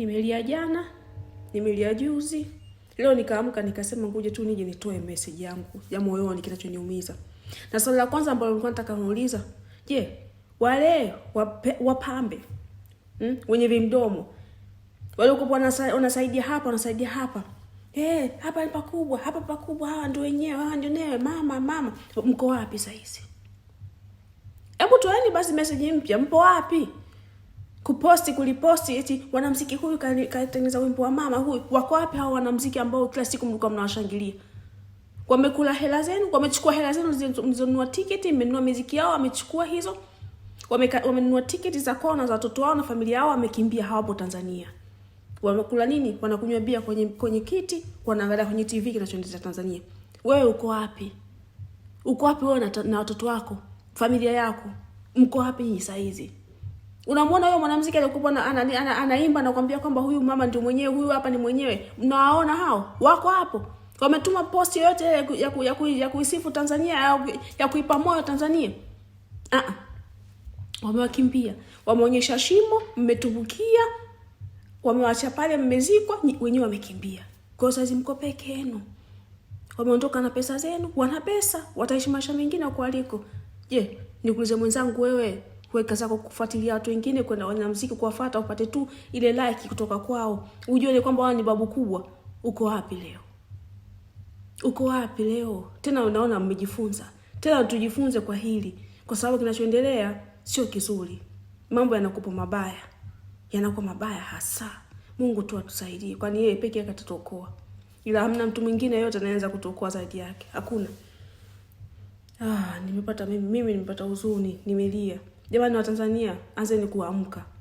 Nimelia jana, nimelia juzi. Leo nikaamka nikasema ngoja tu nije nitoe message yangu ya moyoni kinachoniumiza. Na swali la kwanza ambalo nilikuwa nataka kuuliza, je, wale wape, wapambe mm, wenye vimdomo wale uko wanasaidia hapa wanasaidia hapa hey, eh, hapa ni pakubwa hapa pakubwa, hawa ndio wenyewe hawa ndio newe mama mama, mko wapi sasa hizi? Hebu toeni basi message mpya, mpo wapi? kuposti kuliposti, eti wanamziki huyu katengeneza wimbo wa mama huyu. Wako wapi hao wanamziki ambao kila siku mlikuwa mnawashangilia? Wamekula hela zenu, wamechukua hela zenu mlizonunua tiketi, mmenunua miziki yao, wamechukua hizo, wamenunua tiketi za kona za watoto wao na familia yao, wamekimbia, hawapo Tanzania. Wamekula nini? Wanakunywa bia kwenye, kwenye kiti, wanaangalia kwenye TV kinachoendelea Tanzania. Wewe uko wapi? Uko wapi wewe na, na watoto wako, familia yako? Mko wapi hii saa hizi? Unamwona huyo mwanamziki aliyekuwa ana, ana, ana, anaimba na kuambia kwamba huyu mama ndio mwenyewe, huyu hapa ni mwenyewe. Mnawaona hao wako hapo, wametuma posti yoyote ya, ya, ku, ya, ku, ya kuisifu Tanzania ya, ya kuipa moyo Tanzania? Ah, ah. wamewakimbia, wameonyesha shimo, mmetumbukia, wamewacha pale, mmezikwa, wenyewe wamekimbia. Kwa sababu mko peke yenu, wameondoka na pesa zenu, wana pesa, wataishi maisha mengine kwa aliko. Je, nikuulize mwenzangu, wewe kuweka zako kufuatilia watu wengine, kwenda wanamuziki kuwafuata, upate tu ile like kutoka kwao, ujione kwamba wao ni babu kubwa. Uko wapi leo? Uko wapi leo? Tena unaona mmejifunza tena, tujifunze kwa hili, kwa sababu kinachoendelea sio kizuri. Mambo yanakupa mabaya, yanakuwa mabaya hasa. Mungu tu atusaidie, kwani yeye peke yake atatuokoa, ila hamna mtu mwingine yote anaweza kutuokoa zaidi yake, hakuna. Ah, nimepata mimi, mimi nimepata huzuni, nimelia. Jamani Watanzania, anzeni kuamka.